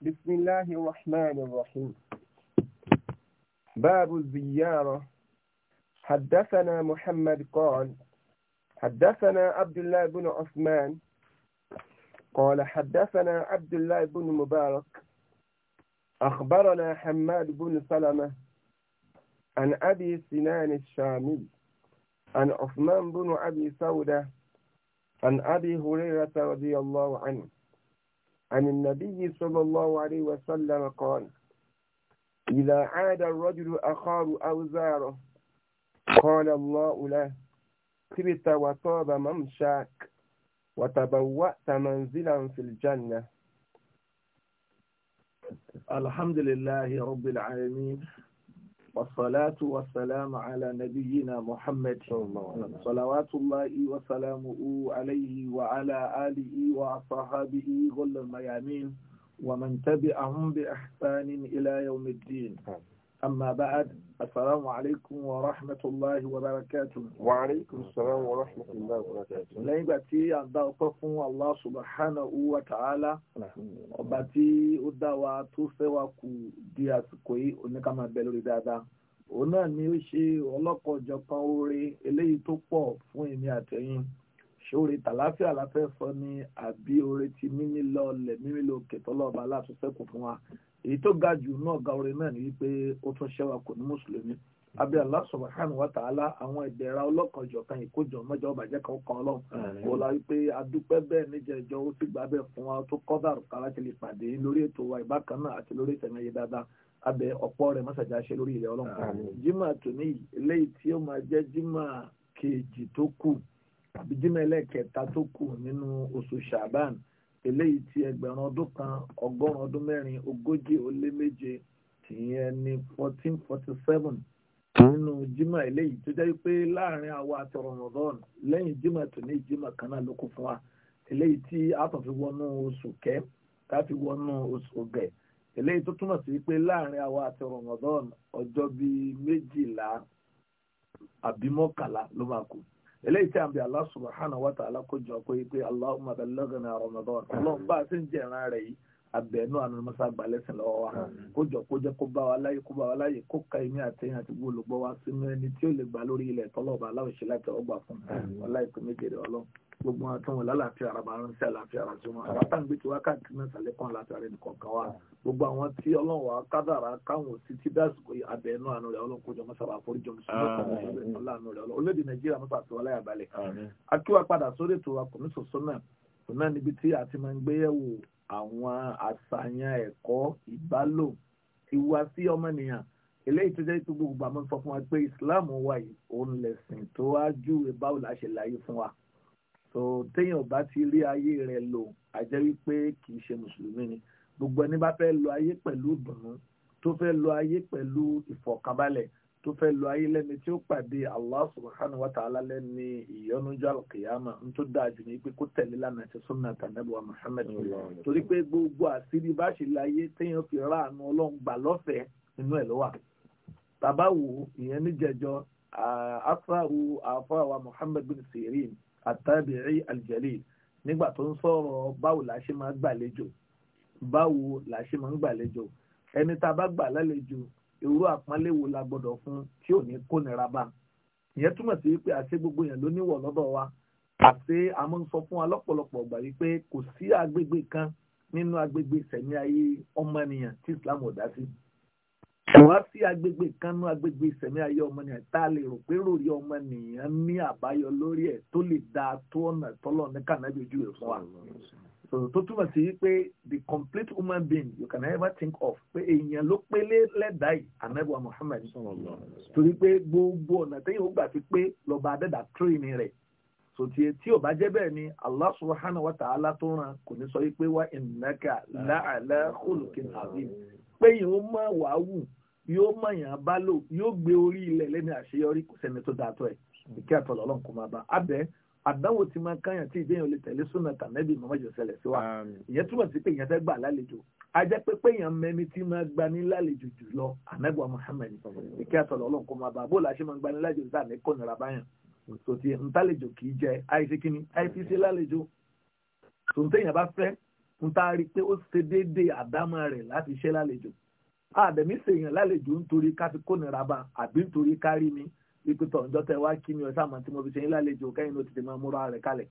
بسم الله الرحمن الرحيم باب الزيارة حدثنا محمد قال حدثنا عبد الله بن عثمان قال حدثنا عبد الله بن مبارك أخبرنا حماد بن سلمة عن أبي سنان الشامي عن عثمان بن أبي سودة عن أبي هريرة رضي الله عنه عن النبي صلى الله عليه وسلم قال إذا عاد الرجل أخاه أو زاره قال الله له طبت وطاب ممشاك وتبوأت منزلا في الجنة الحمد لله رب العالمين والصلاة والسلام على نبينا محمد صلوات الله وسلامه عليه وعلى آله وصحابه غل الميامين ومن تبعهم بإحسان إلى يوم الدين أما بعد السلام عليكم ورحمة الله وبركاته وعليكم السلام ورحمة الله وبركاته lẹ́yìn ìgbà tí a dá ọpẹ́ fún Allah subhanahu wa ta'ala ọba tí ó dá wa tó fẹ́ wa kù di àsìkò yìí oníkàmá bẹ lórí dáadáa òun náà ni ó ṣe ọlọ́kọ̀ọ́jọ̀kan oore eléyìí tó pọ̀ fún èmi àtẹ̀yìn ṣóore tàlàáfíà la fẹ́ sọ ni àbí oore ti mímí lọ lẹ̀ mímí lókè tọ́lọ́ọ̀bá látúnṣẹ́kù fún wa. èyí tó ga jù náà ga orin náà ni wípé ó tún ṣẹ́wà kò ní mùsùlùmí abẹ́ Allah wa ta'ala àwọn ìdẹ̀ra ọlọ́kanjọ̀kan ìkójọ mọ́jọ kan kan ọlọ́run kò la wípé adúpẹ́ bẹ́ẹ̀ níjẹ̀jọ́ ó sì gbà bẹ́ẹ̀ fún wa tó kọ́dàrú kára ti lè pàdé lórí ètò wa ìbákan náà àti lórí ìtẹ̀mẹ́ yìí dáadáa abẹ́ ọ̀pọ̀ rẹ̀ mọ́sàjà ṣe lórí ilẹ̀ ọlọ́run jimá eléyìí tí ó máa jẹ́ jimá kejì tó kù eléyìí ti ẹgbẹ̀rún ọdún kan ọgọ́rùn-ún ọdún mẹ́rin ogójì ó lé méje tìyẹn ní fourteen forty seven nínú jimá eléyìí tó jẹ́ pé láàrin àwa àti Ramadan lẹ́yìn jimá tó ní jimá kan náà ló kún fún wa eléyìí tí a tàn fi wọnú oṣù kẹ́ ká fi wọnú oṣù ọ̀gẹ̀ eléyìí tó túmọ̀ sí pé láàrin àwa àti Ramadan ọjọ́ bíi méjìlá àbí mọ́kànlá ló máa kù eléyìí tí a ń bẹ Allah subhanahu wa ta'ala kó jọ pé pé Allahumma ballagna Ramadan ọlọ́run bá a ti ń jẹ̀ràn rẹ̀ yìí abẹ́nú àwọn ọmọ sábà lẹ́sìn lọ́wọ́ wa kójọ kójọ kó bá wa láyé kó bá wa láyé kó ka èmi àtẹ̀yìn àti gbólógbọ́ wa sínú ẹni tí ó lè gbà lórí ilẹ̀ tọ́lọ́ba aláwòṣe láti ọgbà fún ọlá ìpín méjèèrè ọlọ́run gbogbo wọn tó wọn lálàáfíà ara máa ń ṣe àlàáfíà ara tó wọn àwọn táǹgbé tí wọn káàkiri náà sàlẹ̀ kan àlàáfíà rẹ̀ nìkan kan wa gbogbo àwọn tí ọlọ́run wa kádàrá káwọn òsì tí dásìkò abẹ inú àánú rẹ̀ ọlọ́run kójọ mọ́sára àforíjọ mùsùlùmí ọlọ́run rẹ̀ ọlọ́run olóde nàìjíríà mọ́sára tó wọlé àbálẹ̀ akíwá padà sórí ètò wa òun náà níbi tí a máa ń gbéyẹ̀wò àwọn àṣàyàn ẹ̀kọ́ ìbálò ti wá sí ọmọnìyàn eléyìí tó jẹ́ pé gbogbo àmọ́ sọ fún wa pé Islam wà yìí òun lẹ̀sìn tó wá júwe báwo la ṣe láyé fún wa tó téèyàn bá ti rí ayé rẹ̀ lò á jẹ́ wípé kì í ṣe mùsùlùmí ni gbogbo ẹni bá fẹ́ lo ayé pẹ̀lú ìdùnnú tó fẹ́ lo ayé pẹ̀lú ìfọ̀kànbalẹ̀ tó fẹ́ lọ ayé lẹ́ni tí ó pàdé Allah subhanahu wa ta'ala lẹ́ni ìyọnújọ́ alkiyama n tó dáa jù ní pé kó tẹ̀lé lánàá ti sunna torí pé gbogbo àṣírí bá ṣe láyé téèyàn fi ráàánú ọlọ́run gbà lọ́fẹ̀ẹ́ nínú ẹ̀ ló wà bàbá wo ìyẹn muhammadu afáwo afáwa Muhammad bin Sirin àtàbírí aljalil nígbà tó ń sọ̀rọ̀ báwo la ṣe irú àpọ́nlé wo la gbọ́dọ̀ fún tí ò ní kó nira bá ìyẹn túmọ̀ sí pé àṣẹ gbogbo yẹn ló níwọ̀ lọ́dọ̀ wa àṣẹ àmọ́ ń sọ fún wa lọ́pọ̀lọpọ̀ ọgbà yìí pé kò sí agbègbè kan nínú agbègbè ìṣẹ̀mí ayé ọmọnìyàn tí Islam ò dá sí kò wá sí agbègbè kan nínú agbègbè ìṣẹ̀mí ayé ọmọnìyàn tá a lè rò pé ròrí ọmọnìyàn ní àbáyọ lórí ẹ̀ tó lè dáa tó ọ̀nà tọ́lọ̀ ní kànáàbí so tó túmọ̀ sí pé the complete human being you can ever think of pé èèyàn ló pélé lẹ́dàá yìí anabi wa muhammed torí pé gbogbo ọ̀nà tẹ́yìn ó gbà fi pé lọ́ba adẹ́dà tírénì rẹ̀ so tí e, tí ò bá jẹ́ bẹ́ẹ̀ ni allah subhanahu wa ta'ala tó ràn kò ní sọ pé wa innaka la'ala khuluqin azim pé yìí ó mọ̀ wàá wù yóò mọ̀yàn bá lò yóò gbé orí ilẹ̀ lẹ́ni àṣeyọrí kò sẹ́ni tó dáa tó ẹ̀ ìkẹ́ àtọ̀lọ́lọ́ àdánwò tí máa káyàn tí ìgbéyàn lè tẹ̀lé súnà tànẹ́bì mọ́mọ́jọ ṣẹlẹ̀ sí wa ìyẹn túmọ̀ sí pé ìyẹn fẹ́ gbà lálejò a jẹ́ pé pé èèyàn mẹ́ni tí máa gba ní lálejò jùlọ ànágbà Muhammad ìkẹ́ àtọ̀lọ́ ọlọ́run kó máa bá bó la ṣe máa gba ní lálejò tá à ní kó nira báyàn tó ti ntàlejò kì í jẹ àìsí kíni àìsí ṣe lálejò tó ń téèyàn bá fẹ́ ń a rí i pé ó ṣe déédéé àdámọ́ rẹ̀ láti ṣe lálejò àbẹ̀mí ṣèèyàn lálejò nítorí ká fi kó nira bá àbí nítorí ká rí mi ìpìtọ̀ ǹjọ́ tẹ wá kí mi ọ̀sán àmọ́ tí mo fi ṣe yín lálejò kẹ́yìn ló ti tẹ̀ máa múra rẹ̀ kalẹ̀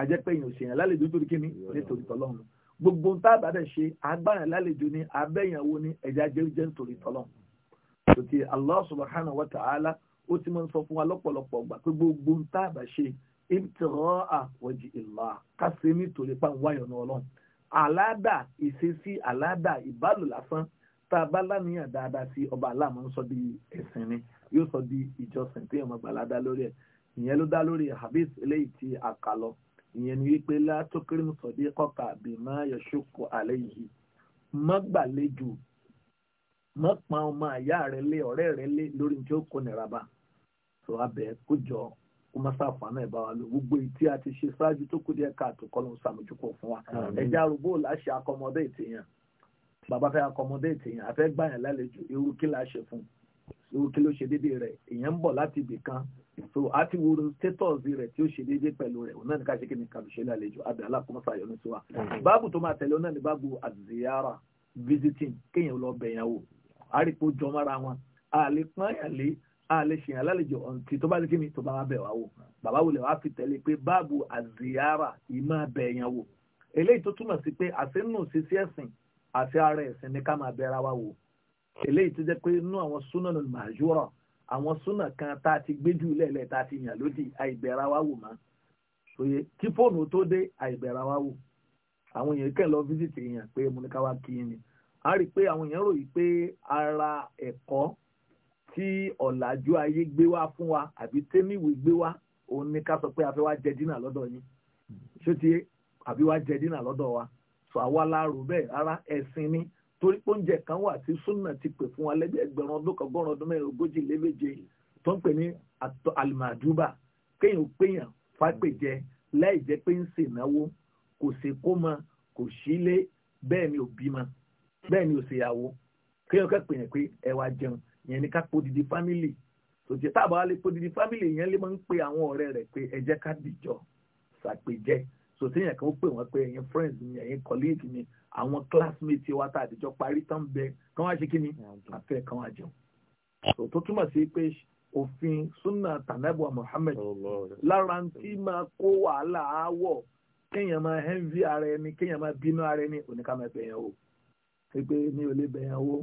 àjẹpẹ́ yìí ò ṣèyàn lálejò nítorí kíni nítorí tọ́lọ́run gbogbo ń tá a bá dẹ̀ ṣe agbáyàn lálejò ni abẹ́yànwó ni ẹ̀já jẹ́ nítorí tọ́lọ́run tòtí Allah subhanahu wa ta'ala ó ti máa ń sọ fún wa lọ́pọ̀lọpọ̀ gbà pé gbogbo ń tá a bá ṣe ibtiraa wajhi Allah kásẹ̀ nítorí pàǹwáyọ̀ náà ọlọ́run yóò sọ di ìjọsìn tí èèyàn gbàlá dá lórí ẹ̀ ìyẹn ló dá lórí habis eléyìí tí a lọ ìyẹn ni wípé látòkèrèmù sọ̀dí kọ́kà bí má yọ̀ṣọ́kọ àlẹ́ yìí má gbàlejò má pa ọmọ àyá rẹ lé ọ̀rẹ́ rẹ lé lórí tí ó kó nira bá tó abẹ kó jọ kó má sàfàánà ẹ̀ bá wa lò gbogbo ìtí a ti ṣe ṣáájú tó kù díẹ̀ káàtó kọ́ ló ń sàmójúkọ̀ fún wa ẹ̀já arúgbó làṣẹ akọmọdé ìtìyàn bàbá fẹ́ akọmọdé ìtìyàn àfẹ́ gbà yẹn lálejò ewu kí làṣẹ fún un kí ló ṣe déédéé rẹ̀ èèyàn ń bọ̀ láti ibì kan so a ti wo status rẹ̀ tí ó ṣe déédéé pẹ̀lú rẹ̀ òun náà ní ká ṣe kí ni kàlùṣe lálejò àbí alákòóso àyọ̀nù sí báàbù tó máa tẹ̀lé òun náà ní báàbù àzìyára visiting kéèyàn lọ bẹ̀yàn wò àríkò jọ mára wọn àlè pọ́n àlè àlè ṣèyàn lálejò ọ̀ǹtì tó bá ní kí ni tó bá wá bẹ̀ wá wò bàbá wò lè wá fi tẹ̀lé pé báàbù àzìyára yìí máa bẹ̀yàn wò wò eléyìí tó jẹ́ pé inú àwọn súnà ló máa yúrọ àwọn súnà kan tá a ti gbé jù lẹ́lẹ̀ tá a ti yàn lódì àìbẹ̀rẹ̀ wa wò má òye kí fóònù tó dé àìbẹ̀rẹ̀ wa wò àwọn èèyàn kẹ́ lọ fíṣítì èèyàn pé mo kí ni a rí i pé àwọn èèyàn ròyìn pé ara ẹ̀kọ́ tí ọ̀làjú ayé gbé wá fún wa àbí tẹ́míwì gbé wá òun ni ká sọ pé a fẹ́ wá jẹ dínà lọ́dọ̀ yín ṣó ti àbí wá jẹ dínà lọ́dọ̀ wa sọ àwa la bẹ́ẹ̀ rárá ẹ̀sìn ni torí pé oúnjẹ kan wà tí súnà ti pè fún alẹ́gbẹ́ ẹgbẹ̀rún ọdún kan gbọ́rọ̀ ọdún mẹ́rin ogójì léméje tó ń pè ní alimaduba kéèyàn péyàn fápèjẹ láì jẹ́ pé ń sè náwó kò sí kó mọ kò sílé bẹ́ẹ̀ ni ò bímọ bẹ́ẹ̀ ni ò ṣèyàwó kéèyàn kẹ́ pèyàn pé ẹ wá jẹun yẹn ni ká pò didi fámìlì tòjẹ́ táàbà wá lè pò didi fámìlì yẹn lè máa ń pe àwọn ọ̀rẹ́ rẹ̀ pé ẹ jẹ́ ká dìjọ ṣàpèjẹ so téèyàn kan ó pè wọ́n pé ẹ̀yin friends mi ẹ̀yin colleague mi àwọn classmates wa tá àtijọ́ parí tán bẹ kán wá ṣe kí ni àfẹ́ kán wá jẹun so tó túmọ̀ sí pé òfin sunna tanabuwa Muhammad lára tí máa kó wàhálà áwọ̀ kéèyàn máa envy ara ẹni kéèyàn máa bínú ara ẹni oníkàmẹ́ bẹ̀yàn o pé mi ò lè bẹ̀yàn o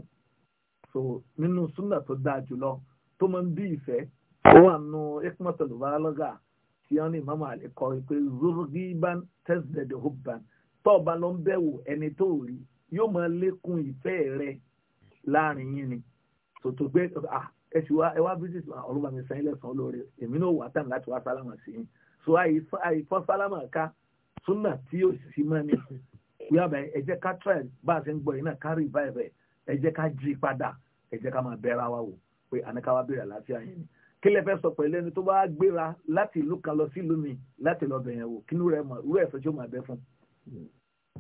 so nínú sunna tó dáa jùlọ tó máa ń bí ìfẹ́ ó wà nù ẹ̀kúnmọ́tò lùbárà lọ́gà tí wọ́n ní mama àlẹ́ kọ́ pé rúgíban tẹ́sídẹ̀dẹ̀ hubban tọ́ọ̀bá ló ń bẹ̀wò ẹni tó rí yóò máa lékún ìfẹ́ rẹ láàrin yín ni tòtò pé ẹ sì wá ẹ wá bísíìsì ọlọ́ba mi sẹ́yìn lẹ́sàn án lóore èmi náà wà tán láti wá sálámà sí yín so àìfọ́ sálámà ká súnà tí yóò sì mọ́ ni wíwábẹ̀ ẹ jẹ́ ká try bá a ṣe ń gbọ́ yìí náà ká revive ẹ jẹ́ ká jí padà ẹ ká máa bẹ́ra wa wò pé àníkàwá bèrè àlàáfíà yín ni kí lè fẹ́ sọ pẹ̀lú ẹni tó bá gbéra láti ìlú kan lọ sí ìlú mi láti lọ bẹ̀yẹn wò kí irú ẹ̀san tí ó máa bẹ fún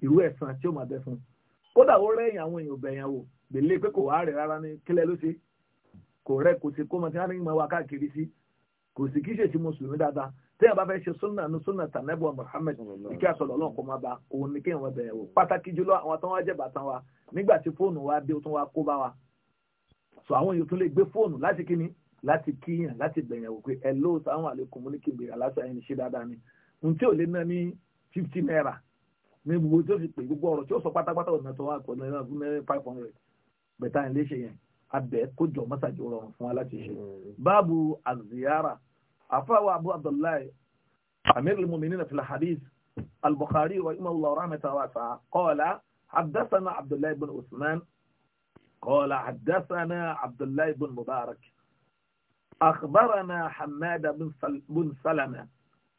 irú ẹ̀san tí ó máa bẹ fún kódà ó rẹ́yìn àwọn èèyàn bẹ̀yẹn wò gbèlè pé kò wá rẹ̀ rárá ní kílẹ̀ ló ṣe kò rẹ̀ kò sí kó mọ̀ tí wọ́n ní máa wá káàkiri sí kò sì kí ṣe mùsùlùmí dáadáa téèyàn bá fẹ́ ṣe súnà ní súnà tànẹ́bù Muhammad ìkí àsọ̀lọ̀ náà kò máa bá òun ní kéèyàn bẹ̀yẹn wò wa nígbà tí fóònù wa dé ó tún wá láti kíyàn láti gbẹ̀yàwó pé ẹ ló sáwọn àlékún mú ní kìnbèrè aláṣà yẹn ṣe dáadáa ni ohun ò lè ná ní fifty naira ní gbogbo tí ó fi pè gbogbo ọ̀rọ̀ tí ó sọ pátápátá ọ̀nà tó wà pọ̀ náírà five hundred bẹ̀tà ẹ̀ léṣe yẹn abẹ́ kójọ mọ́sàájú rọrùn fún wa láti ṣe. Mm-hmm. báàbù aziyara àfáwà abu abdullahi amir al-muminin fi al al-bukhari wa imam allah rahmat wa sa qala haddathana abdullahi bin usman qala haddathana abdullahi bin mubarak أخبرنا حماد بن سلمة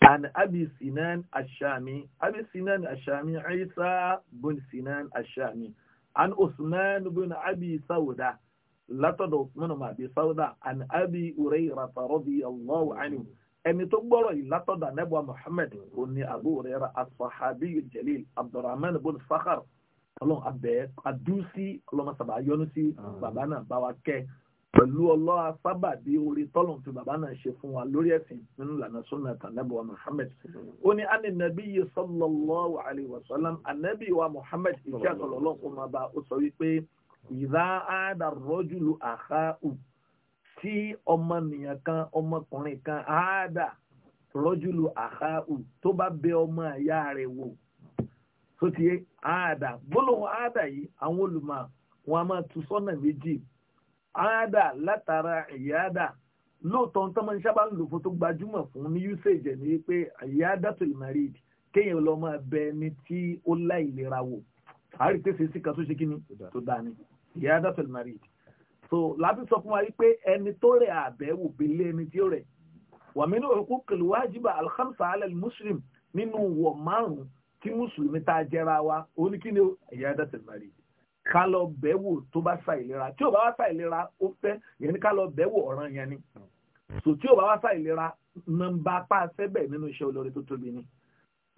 عن أبي سنان الشامي أبي سنان الشامي عيسى بن سنان الشامي عن عثمان بن أبي سودة لا تدعو عثمان بن أبي سودة عن أبي هريرة رضي الله عنه ẹni tó gbọ́rọ̀ yìí látọ̀dà nẹ́bọ̀ Muhammad òní Abu Hurairah asahabi jalil abdulrahman bin Sakhar ọlọ́run abẹ́ adúsí ọlọ́mọ sábà yọ́nú sí bàbá náà bá wa kẹ́ ẹ́ pẹ̀lú ọlọ́wà sábàbí orí tọ́lọ̀ tí bàbá náà ṣe fún wa lórí ẹ̀sìn nínú ìlànà súnà tànẹ́bùwà Muhammad ó ní á ní nàbí yìí sallallahu alaihi wasallam ànẹ́bí wa Muhammad ìṣe àtọ̀lọ́lọ́ kó máa bá ó sọ wípé ìdá àádà rọ́jùlù àhá ù tí ọmọnìyàn kan ọmọkùnrin kan àádà rọ́jùlù àhá ù tó bá bẹ ọmọ ìyá rẹ̀ wò tó àádà gbólóhùn àádà yìí àwọn olùmọ̀ àádà látara ìyáàdà lóòótọ́ tó máa ń sábà ń lò fún tó gbajúmọ̀ fún ní usage ẹ̀ ní pé ìyáàdà tó lè máa rí ìdí kéèyàn lọ máa bẹ ẹni tí ó láìlera wò àárí pé sí kan tó ṣe kí ni tó dání ìyáàdà tó lè máa rí so láti sọ fún wa wípé ẹni tó rẹ̀ àbẹ̀wò bẹ̀lẹ̀ ẹni tí ó rẹ̀ wàmínú òkú kìlú wájibà alhamsa alal muslim nínú wọ̀ márùn-ún tí wa oníkíni ìyáàdà tó lè ká lọ bẹ̀wò tó bá ṣàìlera tí ò bá wá ṣàìlera ó fẹ́ yẹn ni ká lọ bẹ̀wò ọ̀ràn yẹn ni so tí ò bá wá ṣàìlera nọ́mbà pàṣẹ bẹ́ẹ̀ nínú iṣẹ́ olóore tó tóbi ni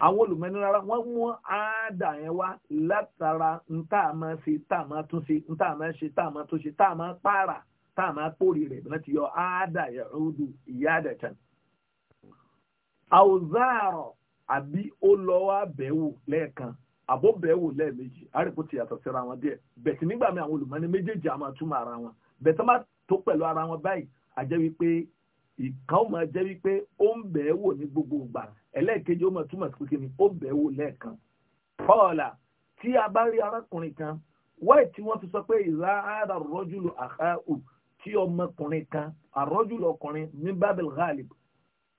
àwọn olùmọ̀nira wọ́n mú àádà yẹn wá látara ntá máa ṣe tá máa tún ṣe ntá máa ṣe tá máa tún ṣe tá máa pààrà tá máa pòrí rẹ̀ bí ti yọ àádà yẹn rúdù ìyá àdàtàn. àwòzáàrọ̀ àbí ó lọ wá bẹ̀wò lẹ́ẹ̀kan àbọ̀bẹ̀wò lẹ́ẹ̀mejì àrèkó ti yàtọ̀ síra wọn díẹ̀ bẹ̀tì nígbà mi àwọn olùmọ́ni méjèèjì àmọ́ túmọ̀ ara wọn bẹ̀tì má tó pẹ̀lú ara wọn báyìí àjẹ́ wípé ìkan ó máa jẹ́ wípé ó ń bẹ̀ẹ́ wò ní gbogbo ìgbà ẹlẹ́ẹ̀kejì ó máa túmọ̀ sí pé kíni ó ń bẹ̀ẹ́ wò lẹ́ẹ̀kan. kọ́ọ̀là tí a bá rí arákùnrin kan wáì tí wọ́n ti sọ pé ìlà ara rọ́júlù àkáù tí ọmọkùnrin kan àrọ́júlù ọkùnrin ní babel ghalib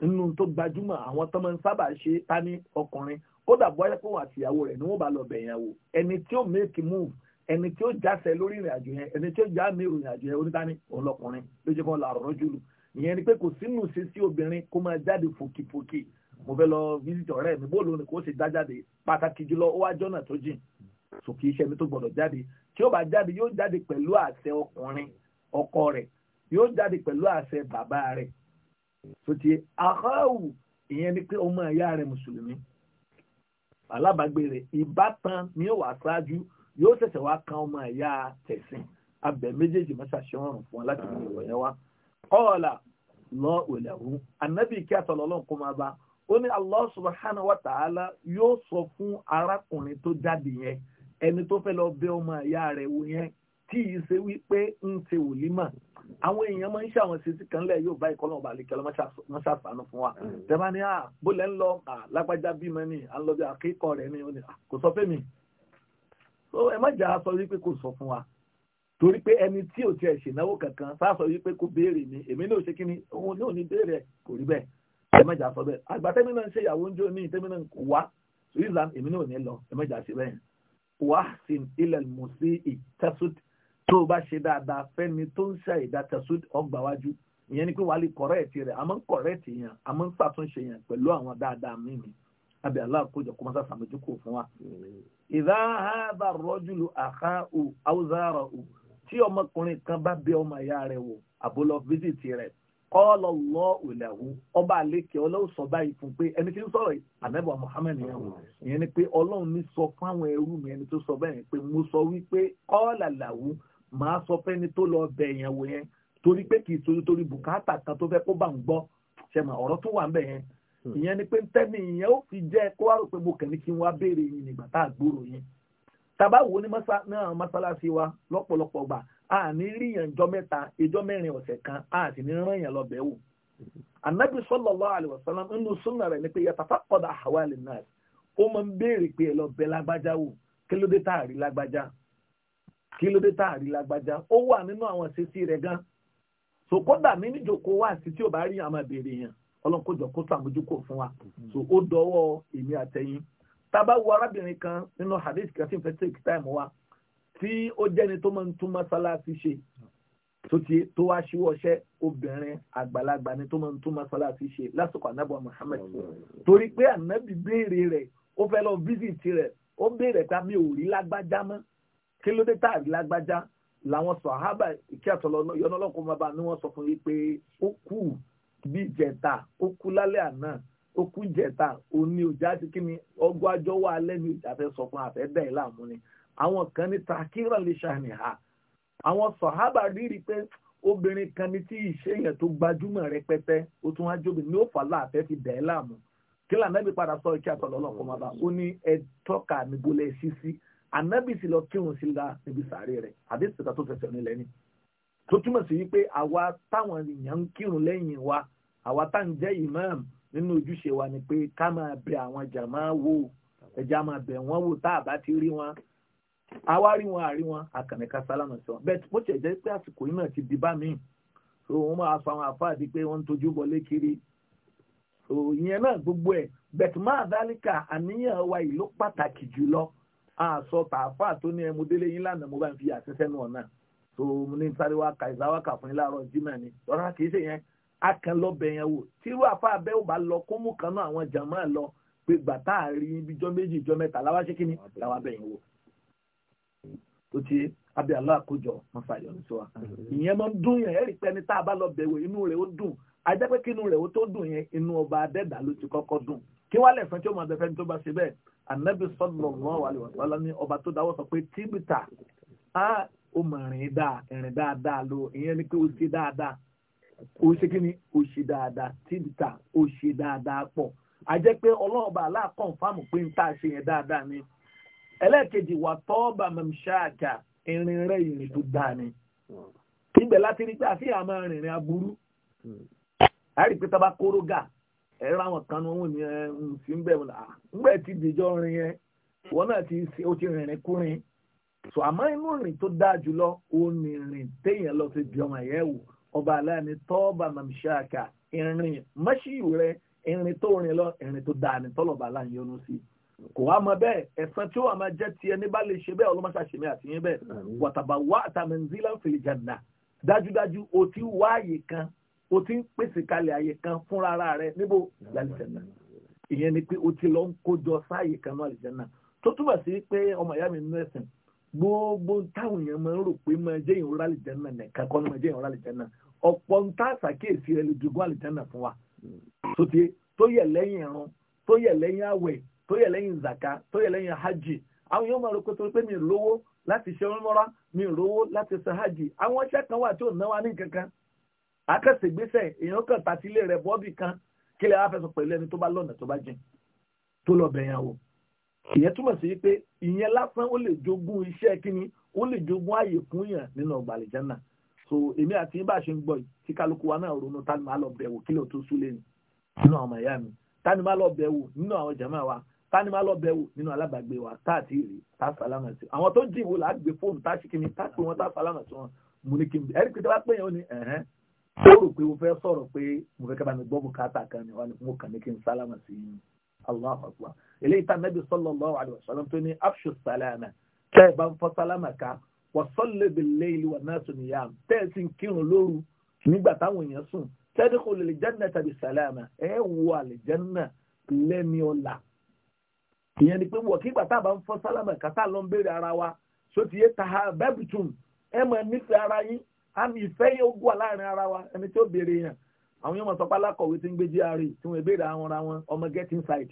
nínú tó gbajúmọ̀ àwọn tó sábà ṣe tání ọkùnrin kódà bóyá pé òun àti ìyàwó rẹ̀ ni wọ́n bá lọ bẹ̀ yẹn ẹni tí ó make move ẹni tí ó jáse lórí ìrìn àjò yẹn ẹni tí ó já mi ìrìn yẹn oníta ọlọkùnrin ló jẹ́ kó la ọ̀rọ̀ jùlọ ìyẹn ni pé kò sínú ṣe sí obìnrin kó máa jáde fòkìfòkì mo fẹ́ lọ visit ọ̀rẹ́ mi bó lóni kó ṣe já jáde pàtàkì jùlọ ó wá jọ́nà tó jìn so kì í ṣe ẹni tó gbọ́dọ̀ jáde tí ó bá jáde yóò jáde pẹ̀lú àṣẹ ọkùnrin ọkọ rẹ̀ yóò jáde pẹ̀lú àṣẹ bàbá rẹ̀ so ti àkọ́wù ni pé ọmọ ìyá rẹ̀ alábàágbé rẹ̀ ìbátan ni ó wà ṣáájú yóò ṣẹ̀ṣẹ̀ wá kan ọmọ ẹ̀yà tẹ̀sìn abẹ méjèèjì mọ́ṣáṣí ọ̀rùn fún wọn láti mú ìwọ̀ yẹn wá. ọ̀ọ́là lọ òlẹ̀hún ànábì kí àtọ̀lọ́lọ́ kó máa bá ó ní Allah subhanahu wa ta'ala yóò sọ fún arákùnrin tó jáde yẹn ẹni tó fẹ́ lọ bẹ ọmọ ẹ̀yà rẹ̀ wò yẹn tí ì ṣe wípé ń ti wòlímà àwọn èèyàn máa ń ṣe àwọn ṣèṣì kan lẹ́yìn yóò bá ìkọlọ́ ọba àlekẹ́lọ́ wọ́n ṣàṣàánú fún wa mm. tẹ́fà ni ah, bólẹ̀ ń lọ lágbájá bímọ ni à ń lọ bí akẹ́kọ̀ọ́ rẹ̀ ni ah, kò sọ fẹ́mi ẹ má jà sọ wípé kò sọ fún wa torí pé ẹni tí ò tiẹ̀ ṣènáwó kankan sáà sọ wípé kò béèrè ni èmi náà ṣe kíni òun náà ní béèrè kò rí bẹ́ẹ̀ ẹ má jà sọ bẹ́ẹ̀ àgbà tẹ́mi náà ń ṣe ìyàwó oúnjẹ ní tẹ́mi náà kò wá Switzerland èmi náà ní lọ ẹ má jà sí bẹ́ẹ̀ wá sí ilẹ̀ mùsí ìtẹ́sùt tó o bá ṣe dáadáa fẹ́ni tó ń ṣe ìdátẹ̀sùn ọgbà wájú ìyẹn ni pé wàá lè kọ̀rẹ́ẹ̀tì rẹ̀ àmọ́ ń kọ̀rẹ́ẹ̀tì yẹn àmọ́ ń pàtúnṣe yẹn pẹ̀lú àwọn dáadáa mímì abẹ́ aláàkójọ kó mọ́sá sàmójúkò fún wa. ìdá ààbà rọ́jùlù àká o àwùzára o tí ọmọkùnrin kan bá bẹ ọmọ ìyá rẹ̀ wò àbólọ fíjìtì rẹ̀ kọ́ọ̀lọ́ lọ òlàwù ọba àlékè ọlọ́run sọ báyìí fún pé ẹni tí ń sọ̀rọ̀ ànábì Muhammad yẹn wò ìyẹn ni pé ọlọ́run ní sọ fáwọn ẹrú mi ẹni tó sọ bẹ́ẹ̀ pé mo sọ wípé kọ́ọ̀là làwù màá sọ fẹ́ni tó lọ bẹ̀ yẹn wò yẹn torí pé kì í torí torí bùkátà kan tó fẹ́ kó bá ń gbọ́ ṣe mà ọ̀rọ̀ tó wà ń bẹ̀ yẹn hmm. ìyẹn ni pé tẹ́ni ìyẹn ó fi jẹ́ kó wá rò pé mo kẹ̀lé kí n wá béèrè yìí nígbà tá a gbòòrò yìí tàbá wo ni náà mọ́sálásí wa lọ́pọ̀lọpọ̀ gbà a ní rí yàn jọ mẹ́ta ìjọ mẹ́rin ọ̀sẹ̀ kan a sì ní rán yàn lọ wò anabi sallallahu alaihi wasallam nínú súnà rẹ̀ ni pé yatafaqqada ahwal an-nas ó máa ń béèrè pé ẹ lọ bẹ̀ lágbájá wò kí ló dé tá a rí lágbájá kí ló dé táàrí lágbájá ó wà nínú àwọn ṣèṣì rẹ̀ gan so kódà mí níjòkó wá sí tí ò bá rí àwọn àbèrè yẹn ọlọ́run jọ kó sàmójúkò fún wa mm-hmm. so ó dọwọ́ èmi àtẹ̀yìn tábà wo arábìnrin kan nínú hadith kan tí n fẹ́ take time wa tí ó jẹ́ni tó máa ń tún mọ́sálásí ṣe tó ti tó wá ṣíwọ́ṣẹ́ obìnrin àgbàlagbà ni tó máa ń tún mọ́sálásí ṣe lásìkò ànábì Muhammad torí pé ànábì béèrè rẹ̀ ó fẹ́ lọ visit rẹ̀ ó béèrè pé mi ò rí lágbájá mọ́ kí ló dé tá àrí lágbájá làwọn sàhábà ìkí àtọ̀lọ́ yọ̀nà ọlọ́kùn máa bá ní wọ́n sọ fún yín pé ó kù bí ìjẹta ó kú lálẹ́ àná ó kú ìjẹta òní òjá ti kí ni ọgbọ́n àjọ wà lẹ́nu ìjà fẹ́ sọ fún àfẹ́ dẹ̀ láàmú ni àwọn kan ní takira lè ṣàní ha àwọn sàhábà rírì pé obìnrin kan ní tí ìṣèyàn tó gbajúmọ̀ rẹpẹtẹ ó tún wáá jóbi ní ó fà láàfẹ́ fi dẹ̀ láàmú kí lànà padà sọ ìkí àtọ̀lọ́ ànábì sì lọ kírun sí la níbi sàárè rẹ̀ àdéhùn tó fẹsẹ̀ nílẹ̀ ni tó túmọ̀ sí wípé àwa táwọn èèyàn ń kírun lẹ́yìn wa àwa tá ń jẹ́ imam nínú ojúṣe wa ni pé ká máa bẹ àwọn jàmá wò ẹja máa bẹ̀ wọ́n wò tá a bá ti rí wọn àwa rí wọn àrí wọn àkànníkà sálámà sí wọn bẹ́ẹ̀ bó tiẹ̀ jẹ́ pé àsìkò yìí náà ti di bá mi so wọ́n máa fa àwọn àfáà di pé wọ́n ń tojú bọlé kiri so ìyẹn náà gbogbo ẹ̀ bẹ̀tùmáà dálíkà àníyàn wa yìí pàtàkì jùlọ àṣọ tààfà tó ní ẹmu délé yín lánàá mo bá ń fi àṣẹṣẹ́ nù ọ̀nà tó ní sáré wa kà ìsáwá kà fún yín láàárọ̀ jimá ni ọ̀rọ̀ kì í ṣe yẹn a kàn lọ bẹ̀ yẹn wò tírú àfa abẹ́ ò bá lọ kó mú kan náà àwọn jàmáà lọ pé gbàtà àrí ibi jọ méjì jọ mẹ́ta láwa ṣe kíni láwa bẹ̀ yẹn wò tó ti abẹ́ aláàkójọ mọ́fà yọ̀ ní sọ́wọ́ ìyẹn máa ń dún yẹn ẹ̀rí pẹ́ni tá a bá lọ bẹ̀wò inú rẹ̀ ó dùn ajẹ́pẹ́ kínú rẹ̀ ó tó dùn yẹn inú ọba adẹ́dà ló ti kọ́kọ́ dùn kí wàá lẹ̀sán tí ó máa bẹ fẹ́ni tó bá ṣe bẹ́ẹ̀ anabi sallallahu alaihi wa sallam ní ọba tó dáwọ́ sọ pé tíbítà á ó mọ̀ rìn dáa rìn dáadáa lo ìyẹn ni pé ó ṣe dáadáa ó ṣe kí ni ó ṣe dáadáa tíbítà ó ṣe dáadáa pọ̀ ajẹ́pẹ́ ọlọ́ọ̀ba aláàkọ́n fáàmù pé ń tà ṣe yẹn dáadáa ni ẹlẹ́ẹ̀kejì wà tọ́ọ̀bà mamṣáàkà ìrìn rẹ̀ ìrìn tó dáa ni ibẹ̀ láti rí pé àfihàn máa rìnrìn aburú a rí pé tábà kóró gà ẹ rà wọn kan ní wọn ní ẹ ń sí ń bẹ wọn à ńgbẹ ti dèjọ rin yẹn wọn náà ti ṣe ó ti rìnrìn kúrin so àmọ́ inú rìn tó dáa jùlọ ó ní rìn téèyàn lọ sí bí ọmọ yẹn wò ọba aláàánú tọ́ọ̀bà màmíṣáàkà ìrìn mọ́ṣíù rẹ ìrìn tó rìn lọ ìrìn tó dáa ní tọ́lọ̀bà aláàánú yọnu sí kò wá mọ bẹ́ẹ̀ ẹ̀sán tí ó máa jẹ́ tiẹ̀ ní bá lè ṣe bẹ́ẹ̀ ọlọ́mọṣà ṣe mí àtìyẹn bẹ́ẹ̀ wàtàbà wá àtàmì ńzílà ń fìlì jàdà dájúdájú o ti wáàyè kan o ti ń pèsè kalẹ̀ àyè kan fúnra rẹ níbo lálìjẹ́nà ìyẹn ni pé o ti lọ ń kójọ sáàyè kan náà àlìjẹ́nà tó túbọ̀ sí pé ọmọ ìyá mi nínú ẹ̀sìn gbogbo táwọn èèyàn máa ń rò pé máa jẹ́ ìhòòrò àlìjẹ́nà nìkan kọ́ ni máa jẹ́ ìhòòrò àlìjẹ́nà ọ̀pọ̀ ń tá àṣàkíyèsí rẹ lójúgbọ́n àlìjẹ́nà fún wa tó yẹ lẹ́yìn ẹ̀rùn tó yẹ lẹ́yìn àwẹ̀ tó yẹ lẹ́yìn zaka tó yẹ lẹ́yìn hajj àwọn èèyàn máa rò pé torí pé mi lówó láti ṣe ọmọra mi lówó láti ṣe hajj àwọn iṣẹ́ kan wà tí ò náwa ní kankan akẹ́sẹ̀gbẹ́sẹ̀ èèyàn kan tàtílé rẹ̀ bọ́ọ̀bì kan kí lè wá fẹ́ sọ pẹ̀lú ẹni tó bá lọ́nà tó bá jìn tó lọ bẹ̀yàn wò ìyẹn túmọ̀ sí pé ìyẹn lásán ó lè jogún iṣẹ́ kínní ó lè jogún ààyè fún yàn nínú ọgbà àlìjánà so èmi àti yín bá ṣe ń gbọ́ yìí tí kálukú wa náà ronú tani máa lọ bẹ̀wò kí lè tó súlé ni nínú àwọn ọmọ ìyá mi tani máa lọ bẹ̀wò nínú àwọn wa tani máa lọ bẹ̀wò nínú alábàgbé wa tá àti ìrè tá sàlámà sí àwọn tó jìn wò ó ah. rò pé o fẹ́ sọ̀rọ̀ pé mo fẹ́ kábàámi gbọ́ bùkátà kan ni wọn mo kàn ní kí n sálámà sí i Allahu Akbar eléyìí tá Nabi sallallahu alaihi wasallam tó ní afṣu sálámà tẹ́ ẹ bá ń fọ́ sálámà ká wa salli bil-layli wan nasu niyam tẹ́ ẹ sì ń kírun lóru nígbà táwọn èèyàn sùn tadkhulul jannata bisalama ẹ wọ àlìjánná lẹ́ni ọ̀la ìyẹn ni pé wọ̀ kí gbàtà bá ń fọ́ sálámà kátà lọ ń béèrè ara wa sótìyé tahababtum ẹ máa nífẹ̀ẹ́ ara yín àmì ìfẹ́ yẹn ó gbọ́ láàrin ara wa ẹni tí ó béèrè yẹn àwọn yẹn mọ̀ sọpá alákọ̀wé tí ń gbé gra tí wọ́n béèrè àwọn ra wọn ọmọ get inside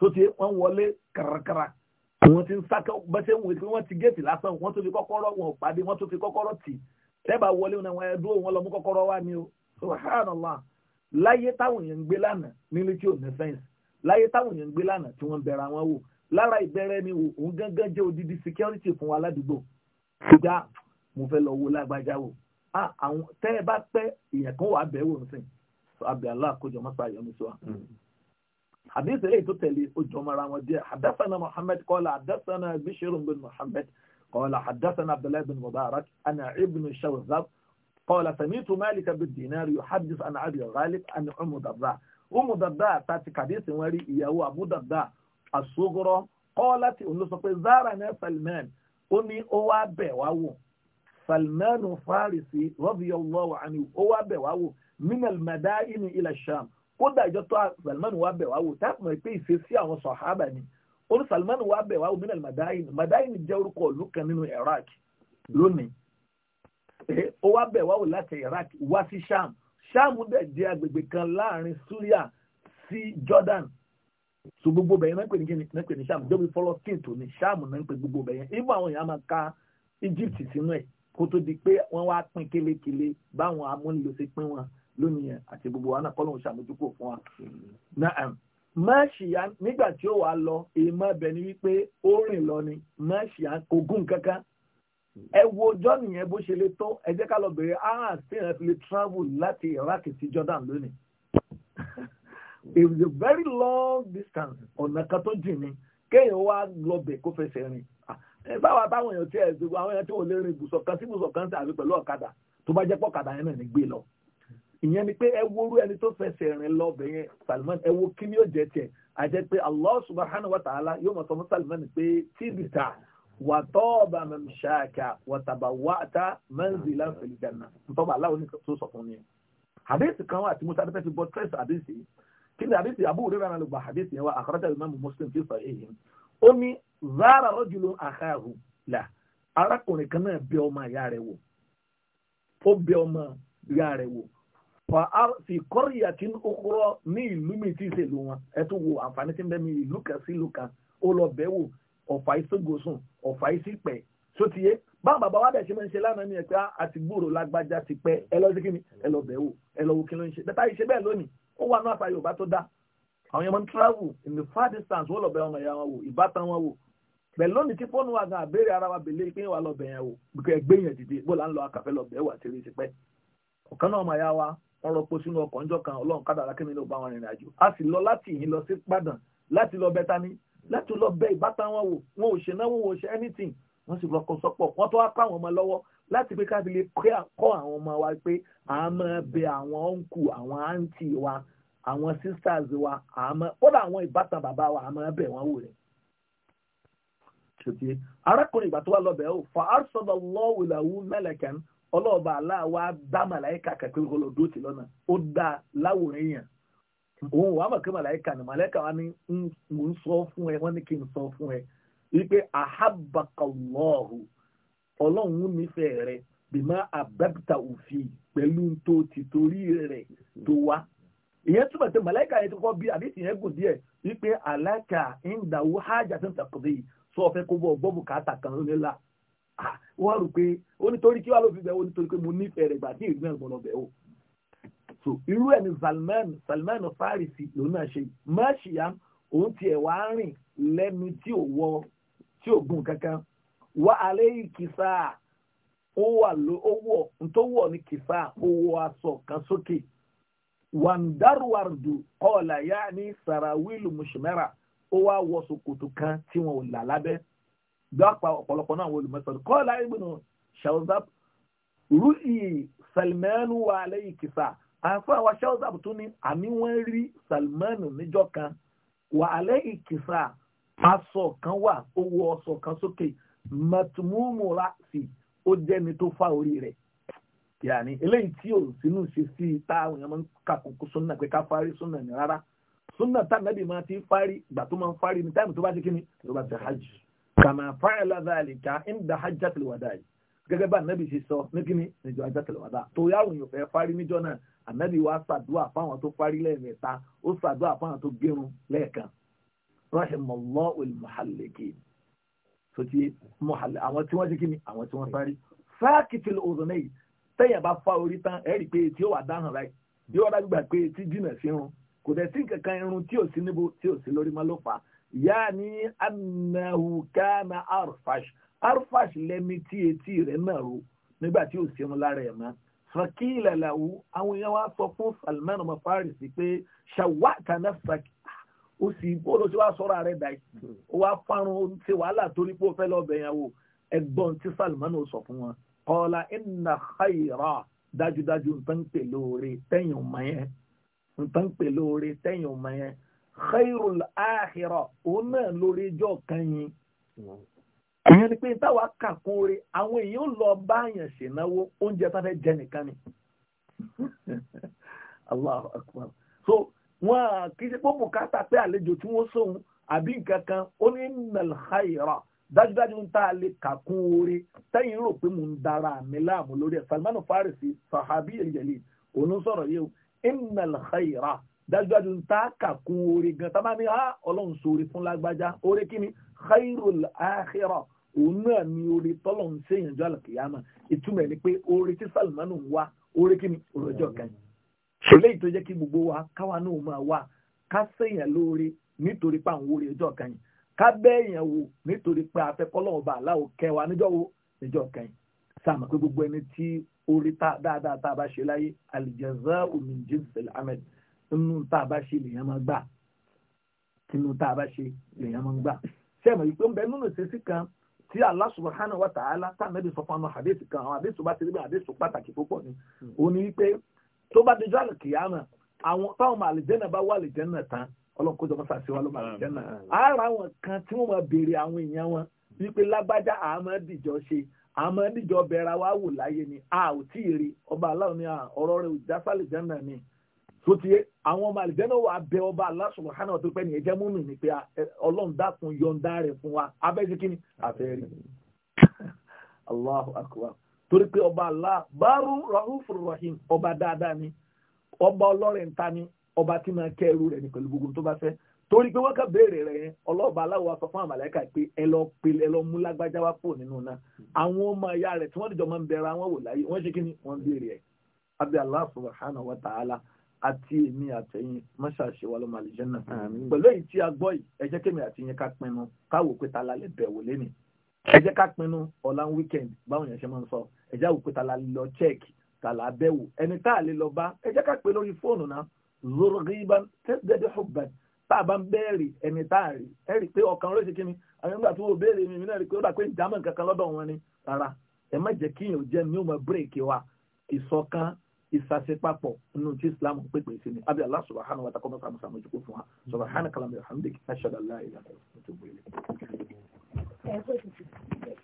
tó ti wọ́n wọlé kàràkàrà wọ́n ti ń sákẹ́ bẹ́sẹ̀ wọ́n ti wọ́n ti géètì lásán wọ́n tó fi kọ́kọ́rọ́ wọn ò pàdé wọ́n tó fi kọ́kọ́rọ́ tì tẹ́bà wọlé wọn àwọn ẹ̀dúró wọn lọ mú kọ́kọ́rọ́ wá ni o subhanallah láyé táwọn èèyàn ń gbé lánàá nílé tí ò ní fẹ́ǹsì láyé táwọn èèyàn ń gbé lánàá tí wọ́n bẹ̀rẹ̀ àwọn wò lára ìbẹ̀rẹ̀ ni òun gángan jẹ́ odidi security fún wa ládùúgbò ìgbà mo fẹ́ lọ wo lágbájá wò àwọn tẹ́ ẹ bá pẹ́ èèyàn kan wà bẹ́ẹ̀ wò ń sìn abẹ́ aláàkójọ mọ́sá yọnu sí wa. حديث إيه تتلي الجمرة ودي حدثنا محمد قال حدثنا بشير بن محمد قال حدثنا عبد الله بن مبارك أنا ابن الشوذب قال سمعت مالك بالدينار يحدث عن عبد الغالب أن أم الدرداء أم الدرداء تاتي حديث وري يهو أبو الدرداء الصغرى قالت أنه سقي زارنا سلمان أني أوابي وأوه salman farisi radiyallahu anhu ó wá bẹ̀ wá wò minal madaini ila sham kódà ìjọ tó salman wá bẹ̀ wá wò táàpù mọ̀ pé ìṣesí àwọn sọ̀hábà ni ó ní salman wá bẹ̀ wá wò minal madaini madaini jẹ́ orúkọ ìlú kan nínú iraq lónìí ó wá bẹ̀ wá wò láti iraq wá sí sham sham dẹ̀ jẹ́ agbègbè kan láàrin syria sí jordan so gbogbo bẹ̀yẹn náà ń pè ní kíni náà ń pè ní sham jọ́bi fọlọ́tìn tó ní sham náà ń pè gbogbo bẹ̀yẹn ibà àwọn èèyàn máa ka egypt sínú ẹ̀ kó tó di pé wọ́n wá pín kélekèle báwọn amúnilò ṣe pín wọn lónìí yẹn àti gbogbo wa náà kọ́lọ́hún ṣàmójúkò fún wa. máṣíyá nígbà tí ó wàá lọ èèmọ̀ ibẹ̀ ni wípé ó rìn lọ ni máṣíyá kò gún kankan ẹ wo ọjọ́ nìyẹn bó ṣe lè tó ẹ jẹ́ ká lọ bèrè ahas tí ìrìn fi lè travel láti Iraq sí Jordan lónìí it was a very long distance ọ̀nà kan tó jìn ni kéèyàn wá lọ bẹ̀ kó fẹsẹ̀ rìn báwa báwọn èèyàn tí ẹ ṣe àwọn èèyàn tí ò lè rìn ibùsọ̀ kan sí ibùsọ̀ kan sí àbí pẹ̀lú ọ̀kadà tó bá jẹ́ pọ̀ ọ̀kadà yẹn náà ní gbé lọ ìyẹn ni pé ẹ worú ẹni tó fẹsẹ̀ rìn lọ bẹ̀ yẹn Salman ẹ wo kí ni yóò jẹ tiẹ̀ àjẹ pé Allah subhanahu wa ta'ala yóò mọ̀ sọ Salman pé tibita. wà tọ́ọ̀bà mamshaka wà tabawwa'ta manzilan fil janna ntọ́ba aláwo ní tó sọ fún mi. hadith kan wà tí musa adé fẹ́ fi bọ́ tẹ́sí hadith yìí kí ni hadith yìí Abu Hurairah náà ló gba hadith yẹn wá akhrajahu Imam Muslim fi sahihi ó ní zara rọ́jùlọ àkàhù la arákùnrin kan náà bẹ ọmọ ìyá rẹ̀ wò ó bẹ ọmọ ìyá rẹ̀ wò fi kọ́ríyà tí ó kúrọ́ ní mi tí ì ṣèlú wọn ẹ tún wo àǹfààní tí ń bẹ mi ìlú kan sí ìlú kan ó lọ bẹ̀ wò ọ̀fà ìṣègòsùn ọ̀fà ìṣìpẹ̀ sótìyé bá bàbá wa bẹ̀ ṣe máa ń ṣe lánàá ni ẹ̀ àti gbòòrò lágbájá ti pẹ́ ẹ lọ sí kíni ẹ lọ bẹ̀ wò ẹ lọ wo kí ló ń ṣe bẹ́ẹ̀ táyì ṣe lónìí ó wà náà àṣà Yorùbá tó dá àwọn yẹn máa ń travel in the far distance wọ́n lọ bẹ̀ wọn ìyá wọn wò ìbátan wọn wò pẹ̀lú lónìí tí fóònù wa gan àbẹ̀rẹ̀ ara wa bèlè pé wà lọ bẹ̀yẹn o gbẹ gbẹ̀yẹn dìde bó là ń lọ akàfẹ́ lọ bẹ̀ẹ́ wà sí rí tipẹ́ ọ̀kan náà mà yá wa wọ́n rọpo sínú ọkọ̀ ńjọ́ kan ọlọ́run kádàrá kí mi ló bá wọn rìnrìn àjò a sì lọ láti ìyín lọ sí Ìbàdàn láti lọ bẹ tani láti lọ bẹ ìbátan wọn wò wọn ò ṣe náà wọn ò ṣe anything wọ́n sì lọ kọ sọ́pọ̀ wọ́n tó wá pa àwọn ọmọ lọ́wọ́ láti pé káfí lè kọ́ àwọn ọmọ wa pé à á máa bẹ àwọn ọ̀nkù àwọn àǹtì wa àwọn sisters wa à á máa kódà àwọn ìbátan bàbá wa à á máa bẹ wọn wò rẹ̀ ṣètì arákùnrin ìgbà tó wà lọ́bẹ̀ ó fa arsọ́dọ̀ lọ́wọ́làwú mẹ́lẹ̀kẹ́n ọlọ́ọ̀bà aláwa dá màláìka kẹ̀kẹ́ olódó ti lọ́nà ó dá láwòrán èèyàn òun wàá mọ̀ pé màláìka ni màláìka wa ni mò ń sọ fún ẹ wọ́n ní kí n sọ fún ẹ wípé ahabakalọ́ọ̀hù ọlọ́run nífẹ̀ẹ́ rẹ bímọ abẹ́bìtà òfin pẹ̀lú tó ti torí rẹ̀ tó wá ìyẹn túbọ̀ tẹ màláìka yẹn ti kọ́ bí àbí ìyẹn gùn díẹ̀ wípé aláka ń dàwó hájà tó ń tàkùdé sọ ọ̀fẹ́ kó bọ̀ gbọ́ bùkátà kan ló nílà wọ́n rò pé ó nítorí kí wàá ló fi bẹ̀ ó nítorí pé mo nífẹ̀ẹ́ rẹ̀ gbà tí ìgbìmọ̀ gbọ́dọ̀ bẹ̀ ó. so irú ẹ̀ ni Salman Salman Farisi lòun náà ṣe mọ́ṣíyá òun tiẹ̀ wá rìn lẹ́nu tí ò wọ tí ò gùn kankan wá alẹ́ yìí kìsà ó wà ló ó wọ̀ tó wọ̀ ní kìsà ó wọ aṣọ kan sókè wàǹdàrúwàrúdù kọ́ọ̀là yá ní sàràwílù mùsùmẹ́rà ó wá wọ ṣòkòtò kan tí wọn ò là lábẹ́ dọ́pà ọ̀pọ̀lọpọ̀ náà wọ́n olùmọ̀sán kọ́ọ̀lá ibùnú ṣàwùzáp rúì salmanu wà lẹ́yìn kìsà àǹfà wa ṣàwùzáp tún ní àmì wọ́n rí salmanu níjọ́ kan wà lẹ́yìn kìsà aṣọ kan wà ó wọ aṣọ kan sókè matumumu rasi ó jẹ́ni tó fa orí rẹ̀ yàní eléyìí tí ò sínú ṣe sí i tá àwọn èèyàn máa ń kàkókò sọ́nà pé ká parí sọ́nà ní rárá súnà tánàbì máa ti fárí ìgbà tó máa ń fárí ní táìmù tó bá ti kí ni tó bá ti hajj kàmá fáìlà dhalika inda hajjatil wada'i gẹ́gẹ́ bá ànábì ṣe sọ ní kíni níjọ hajjatil wada'i tó yáwùn yóò fẹ́ fárí níjọ náà ànábì wa ṣàdúà fáwọn tó fárí lẹ́ẹ̀mẹ́ta ó ṣàdúà fáwọn tó gérun lẹ́ẹ̀kan rahimallahu al-muhalliqin tó ti mọ̀hàlẹ̀ àwọn tí wọ́n ṣe kíni àwọn tí wọ́n sáré fáàkìtì òzòlẹ́ yìí bá fa orí tán ẹ̀rí pé etí ó wà dáhùn láì yóò dájú gbà pé etí jìnà sí irun kò dẹ̀ sí kankan irun tí ò sí níbo tí ò sí lórí mọ́ ló pa ìyá ni anahukana arfash arfash lẹ́mi tí etí rẹ̀ náà ro nígbà tí ò sí irun lára ẹ̀ mọ́ fakila lahu àwọn èèyàn wa sọ fún Salman ọmọ Farisi pé shawata nafsak ó sì bó ló ṣe wá sọ̀rọ̀ ààrẹ dà ó wá fárun ṣe wàhálà torí pé ó fẹ́ lọ́ọ́ bẹ̀yàn wò ẹgbọ́n tí Salman ó sọ fún wọn qala inna khayra dájúdájú nǹkan pè lóore tẹ̀yìn mọ́ nǹkan pè lóore sẹ́yìn ọmọ yẹn khairul akhirah òun náà lóore jọ kan yín ìyẹn ni pé táwa kà kún oore àwọn èèyàn lọ bá àyàn ṣènáwó oúnjẹ tá fẹ́ jẹ nìkan ni Allahu akbar so wọn kì í ṣe pé bùkátà pé àlejò tí wọ́n sóhun àbí nǹkan kan ó ní innal khaira dájúdájú ń tá a lè kà kún oore tẹ́yìn rò pé mò ń dara àmì láàmú lórí ẹ̀ Salmanu Farisi sahabi al òun sọ̀rọ̀ yìí innal khayra dájúdájú ń ta kàkún oore gan tá bá ní ah, ọlọ́run sóore fún lágbájá oore kí ni khayrul akhirah òun náà ni oore tọ́lọ́run séèyàn jọ àlùkìyàmà ìtumọ̀ ni pé oore tí Salmanu ń wá oore kí ni òròjọ́ kan eléyìí tó jẹ́ kí gbogbo wa káwa náà máa wá ká séèyàn lóore nítorí pé àwọn oore ọjọ́ kan yìí ká bẹ́ẹ̀yàn wò nítorí pé afẹ́kọ́lọ́ọ̀bà aláwọ̀ kẹwàá níjọ́ wo níjọ́ kan yìí sáà mọ̀ pé gbogbo ẹni tí orí tá dáadáa tá a bá ṣe láyé aljazā'u min jinsil amal nínú tá a bá ṣe lèèyàn máa gbà nínú tá a bá ṣe lèèyàn máa gbà. sẹ́mi ìpè ń bẹ nínú ìṣesí kan tí Allah subhanahu wa ta'ala tàmídìí sọ fún àwọn àdéhùn kan àwọn àdéhùn bá ti rí bí àdéhùn pàtàkì púpọ̀ ni òun ni pé tó bá dojú àlùkìyàmà àwọn táwọn àlùjẹ́nà bá wà àlùjẹ́nà tán ọlọ́run kó jọ mọ́ àmọ́ níjọ bẹ̀rẹ̀ wa wò láyé ni a ò tí ì rí ọba aláwọ̀ ni ọ̀rọ̀ rẹ̀ ni tó ti àwọn ọmọ àlìjẹ́nà wà ọba aláṣọ̀rọ̀ hánà tó pẹ́ ní ẹ̀jẹ̀ múnú ni pé ọlọ́run dákun yọ̀ǹda rẹ̀ fún wa abẹ́sí torí pé ọba Allah bárú rahufur rahim ọba dáadáa ni ọba ọlọ́rẹ̀ ń ta ni ọba tí máa kẹ́ ẹrú rẹ̀ gbogbo tó bá torí pé wọ́n kà béèrè rẹ̀ yẹn ọlọ́ọ̀bà aláwọ̀ aṣọ fún àmàlẹ́kà pé ẹ lọ pe ẹ lọ mú lágbájá wá pò nínú náà àwọn ọmọ ìyá rẹ̀ tí wọ́n dìjọ máa ń bẹ̀rẹ̀ àwọn wò láyé wọ́n ṣe kí ni wọ́n béèrè ẹ̀ abẹ́ Allah subhanahu wa ta'ala àti èmi àtẹ̀yìn mọ́ṣáṣe wa lọ́mọ àlìjẹ́nà pẹ̀lú èyí tí a gbọ́ yìí ẹ jẹ́ kémi àti yẹn ká pinnu káwò pé ta la lè bẹ̀wò lé ẹni tá a lè lọ bá ẹ jẹ́ ká pè lórí fóònù náà zorogiban tẹ́sídẹ́dẹ́ ọ̀gbẹ́ni tá a bá ń bẹ́ẹ̀rì ẹni tá a rí ẹ rí pé ọkàn ló ṣe kí ni àwọn ìgbà tí wọn ò béèrè mi náà rí pé ó dà wọn ni rárá ẹ má jẹ́ kí jẹ́ wa ìṣọ̀kan ìsàṣepapọ̀ nínú tí Islam pèpè sí ni abi Allah subhanahu wa ta'ala kọ́mọ́sá musa mojúkú fún wa subhanaka allahumma